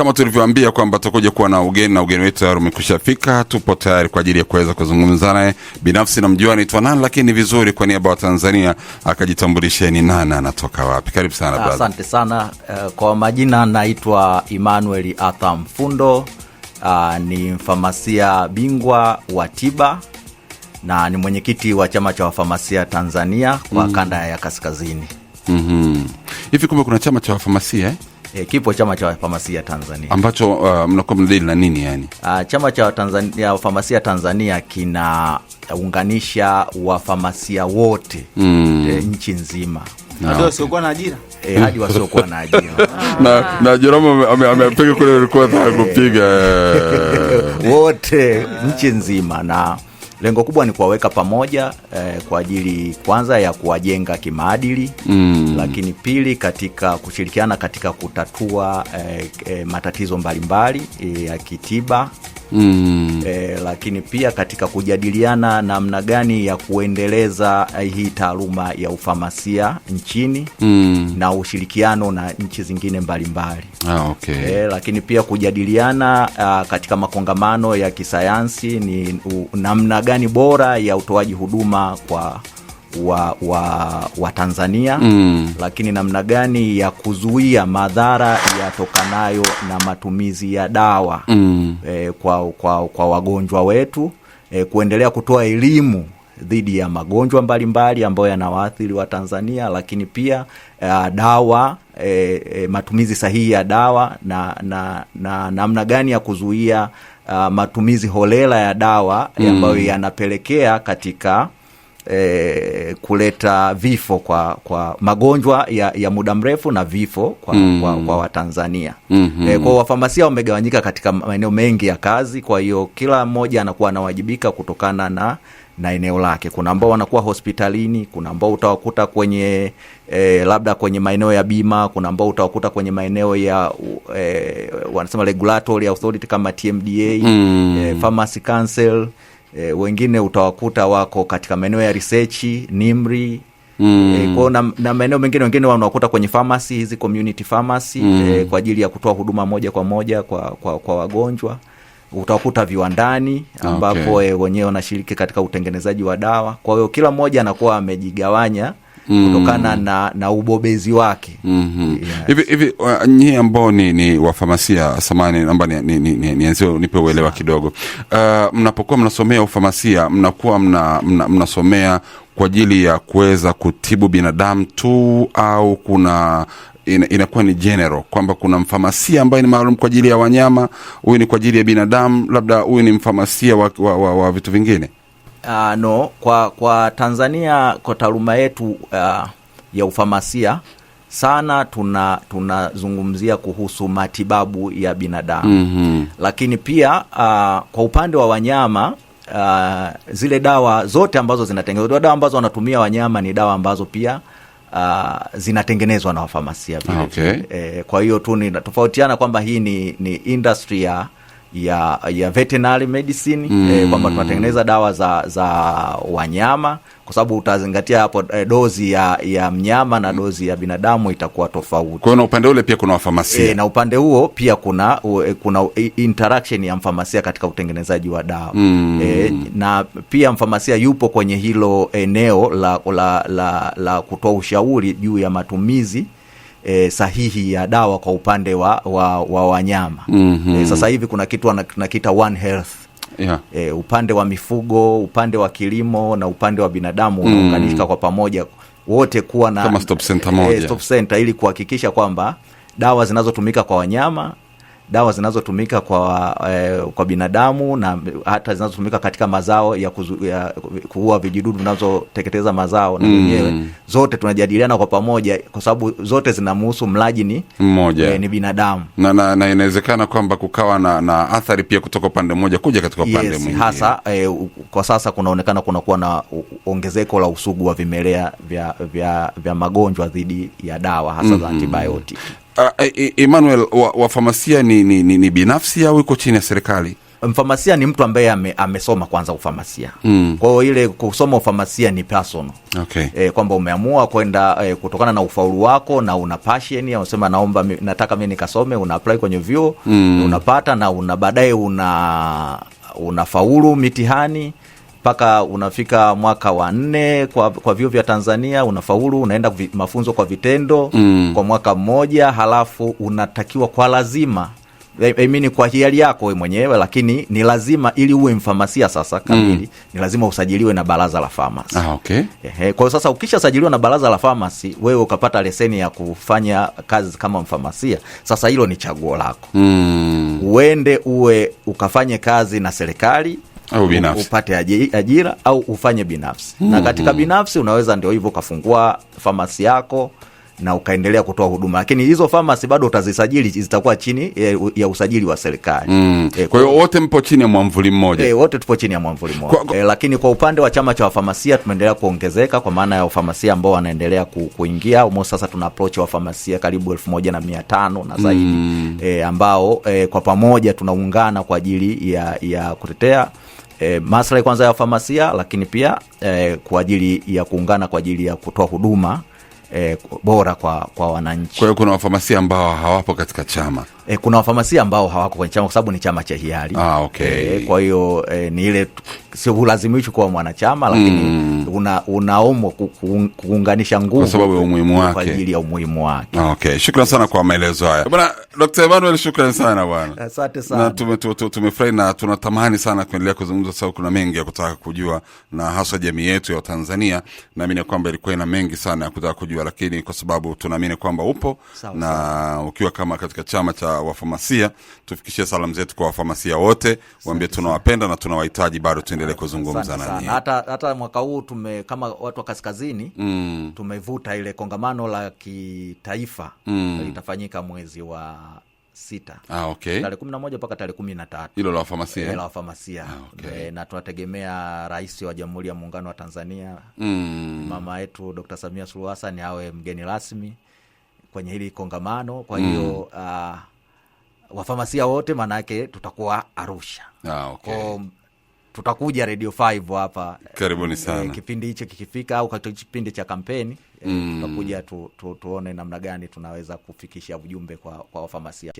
kama tulivyoambia kwamba tutakuja kuwa na ugeni na ugeni wetu tayari umekwisha fika. Tupo tayari kwa ajili ya kuweza kuzungumza naye binafsi, namjua mjua anaitwa nani, lakini ni vizuri kwa niaba ya Tanzania akajitambulisheni nana anatoka wapi. Karibu sana brother. Asante sana eh, kwa majina, naitwa Emmanuel Arthur Mfundo. Uh, ni mfamasia bingwa wa tiba na ni mwenyekiti wa chama cha wafamasia Tanzania kwa mm. kanda ya kaskazini. mm -hmm. Hivi kumbe kuna chama cha wafamasia eh? E, kipo chama cha wafamasia Tanzania ambacho uh, mnakuwa mnadili na nini yani? Uh, chama cha Tanzania, famasia Tanzania kinaunganisha wafamasia wote mm. e, nchi nzima ah, wasiokuwa na ajira eh, hadi wasiokuwa na ajira na na amepiga kule kupiga eh. wote nchi nzima na Lengo kubwa ni kuwaweka pamoja eh, kwa ajili kwanza ya kuwajenga kimaadili mm. Lakini pili katika kushirikiana katika kutatua eh, eh, matatizo mbalimbali eh, ya eh, kitiba mm. E, lakini pia katika kujadiliana namna gani ya kuendeleza eh, hii taaluma ya ufamasia nchini mm. na ushirikiano na nchi zingine mbalimbali mbali. Ah, okay. E, lakini pia kujadiliana a, ah, katika makongamano ya kisayansi ni u, namna gani bora ya utoaji huduma kwa wa, wa, wa Tanzania mm. Lakini namna gani ya kuzuia madhara yatokanayo na matumizi ya dawa mm. E, kwa, kwa, kwa wagonjwa wetu e, kuendelea kutoa elimu dhidi ya magonjwa mbalimbali ambayo yanawaathiri wa Tanzania, lakini pia uh, dawa eh, eh, matumizi sahihi ya dawa na na na namna gani ya kuzuia uh, matumizi holela ya dawa mm. ambayo mm. yanapelekea katika eh, kuleta vifo kwa, kwa magonjwa ya, ya muda mrefu na vifo kwa, mm. kwa, kwa Watanzania mm -hmm. Eh, kwa wafamasia wamegawanyika katika maeneo mengi ya kazi, kwa hiyo kila mmoja anakuwa anawajibika kutokana na na eneo lake. Kuna ambao wanakuwa hospitalini, kuna ambao utawakuta kwenye e, labda kwenye maeneo ya bima, kuna ambao utawakuta kwenye maeneo ya e, wanasema regulatory authority kama TMDA mm. e, pharmacy council e, wengine utawakuta wako katika maeneo ya risechi nimri Mm. E, eh, kwao na, na maeneo mengine wengine wanawakuta kwenye pharmacy hizi community pharmacy mm. E, kwa ajili ya kutoa huduma moja kwa moja kwa, kwa, kwa wagonjwa utawakuta viwandani ambapo okay. E, wenyewe wanashiriki katika utengenezaji wa dawa. Kwa hiyo kila mmoja anakuwa amejigawanya mm. kutokana na, na ubobezi wake mm -hmm. yes. Uh, nyie ambao ni, ni wafamasia samani namba nianzie ni, ni, ni, ni nipe uelewa kidogo uh, mnapokuwa mnasomea ufamasia mnakuwa mna, mna, mnasomea kwa ajili ya kuweza kutibu binadamu tu au kuna inakuwa ni general kwamba kuna mfamasia ambaye ni maalum kwa ajili ya wanyama, huyu ni kwa ajili ya binadamu, labda huyu ni mfamasia wa, wa, wa, wa vitu vingine uh, no kwa, kwa Tanzania kwa taaluma yetu uh, ya ufamasia sana tunazungumzia tuna kuhusu matibabu ya binadamu mm -hmm. Lakini pia uh, kwa upande wa wanyama uh, zile dawa zote ambazo zinatengenezwa dawa ambazo wanatumia wanyama ni dawa ambazo pia uh, zinatengenezwa na wafamasia okay. E, kwa hiyo tu tofautiana kwamba hii ni, ni industry ya ya ya veterinary medicine mm. eh, kwamba tunatengeneza dawa za za wanyama kwa sababu utazingatia hapo eh, dozi ya ya mnyama na dozi ya binadamu itakuwa tofauti. Kwa na upande ule pia kuna wafamasia eh, na upande huo pia kuna u, eh, kuna interaction ya mfamasia katika utengenezaji wa dawa mm. eh, na pia mfamasia yupo kwenye hilo eneo la la la, la kutoa ushauri juu ya matumizi e, sahihi ya dawa kwa upande wa, wa, wa wanyama mm -hmm. E, sasa hivi kuna kitu anakita One Health yeah. E, upande wa mifugo, upande wa kilimo na upande wa binadamu unaunganika mm -hmm. kwa pamoja wote kuwa na kama stop center moja, e, stop center ili kuhakikisha kwamba dawa zinazotumika kwa wanyama dawa zinazotumika kwa, eh, kwa binadamu na hata zinazotumika katika mazao ya, kuzu, ya kuua vijidudu vinazoteketeza mazao na mm. wenyewe mm. Zote tunajadiliana kwa pamoja kwa sababu zote zinamhusu mlaji ni mmoja, eh, ni binadamu na, na, na inawezekana kwamba kukawa na, na athari pia kutoka upande mmoja kuja katika upande yes, mwingine hasa eh, kwa sasa kunaonekana kunakuwa na ongezeko la usugu wa vimelea vya, vya, vya magonjwa dhidi ya dawa hasa mm za mm-hmm. antibiotiki uh, Emmanuel wa, wa famasia ni, ni, ni, ni binafsi au iko chini ya serikali? Mfamasia ni mtu ambaye ame, amesoma kwanza ufamasia mm. Kwa hiyo ile kusoma ufamasia ni personal okay. E, kwamba umeamua kwenda e, kutokana na ufaulu wako na una passion, unasema naomba nataka mimi nikasome, una apply kwenye vyuo mm. Unapata na una baadaye una unafaulu mitihani mpaka unafika mwaka wa nne kwa, kwa vyuo vya Tanzania unafaulu, unaenda vi, mafunzo kwa vitendo mm. kwa mwaka mmoja, halafu unatakiwa kwa lazima I mean, kwa hiari yako we mwenyewe, lakini ni lazima ili uwe mfamasia sasa kamili mm. ni lazima usajiliwe na baraza la famasi. Ah, okay. Ehe, kwa hiyo sasa ukishasajiliwa na baraza la famasi, wewe ukapata leseni ya kufanya kazi kama mfamasia, sasa hilo ni chaguo lako mm. uende uwe ukafanye kazi na serikali au binafsi upate ajira au ufanye binafsi mm -hmm. Na mhm. katika binafsi unaweza ndio hivyo ukafungua famasi yako na ukaendelea kutoa huduma, lakini hizo famasi bado utazisajili zitakuwa chini ya usajili wa serikali mm. E, kwa hiyo wote mpo chini ya mwamvuli mmoja e, wote tupo chini ya mwamvuli mmoja kwa, kwa... E, lakini kwa upande wa chama cha wafamasia tumeendelea kuongezeka kwa maana ya wafamasia ambao wanaendelea ku, kuingia umo. Sasa tuna approach wafamasia karibu elfu moja na mia tano na zaidi mm. E, ambao e, kwa pamoja tunaungana kwa ajili ya, ya kutetea e, maslahi kwanza ya famasia, lakini pia e, kwa ajili ya kuungana kwa ajili ya kutoa huduma e, bora kwa, kwa wananchi. Kwa hiyo kuna wafamasia ambao hawapo katika chama e, kuna wafamasia ambao hawako kwenye chama kwa sababu ni chama cha hiari ah, okay. E, kwa hiyo e, ni ile sio hulazimishwi kuwa mwanachama lakini mm. una, unaomwa kuunganisha nguvu kwa sababu ya umuhimu wake, kwa ajili ya umuhimu wake ah, okay. Shukran sana kwa maelezo haya bwana Dr. Emmanuel, shukran sana bwana, asante sana na tumefurahi na tunatamani sana kuendelea kuzungumza sababu kuna mengi ya kutaka kujua na haswa jamii yetu ya Tanzania, naamini ya kwamba ilikuwa ina mengi sana ya kutaka kujua hiyo, lakini kwa sababu tunaamini kwamba upo sao, na Ukiwa kama katika chama cha wafamasia, tufikishie salamu zetu kwa wafamasia wote, waambie tunawapenda na tunawahitaji bado, tuendelee kuzungumza nanyi. Hata, hata mwaka huu tume kama watu wa kaskazini mm. tumevuta ile kongamano la kitaifa mm. litafanyika mwezi wa sita ah, okay. mpaka tarehe kumi na eh? Eh, la wafamasia, Ah, okay. Eh, na tunategemea rais wa jamhuri ya muungano wa Tanzania mm. mama yetu d Samia Suluhu Hassan awe mgeni rasmi kwenye hili kongamano kwa hiyo mm. uh, wafamasia wote maana tutakuwa Arusha. Ah, okay. Kwa tutakuja Radio 5 hapa, eh, karibuni sana. Eh, kipindi hicho kikifika, au katika kipindi cha kampeni eh, mm. tutakuja tu, tu, tuone namna gani tunaweza kufikisha ujumbe kwa, kwa wafamasia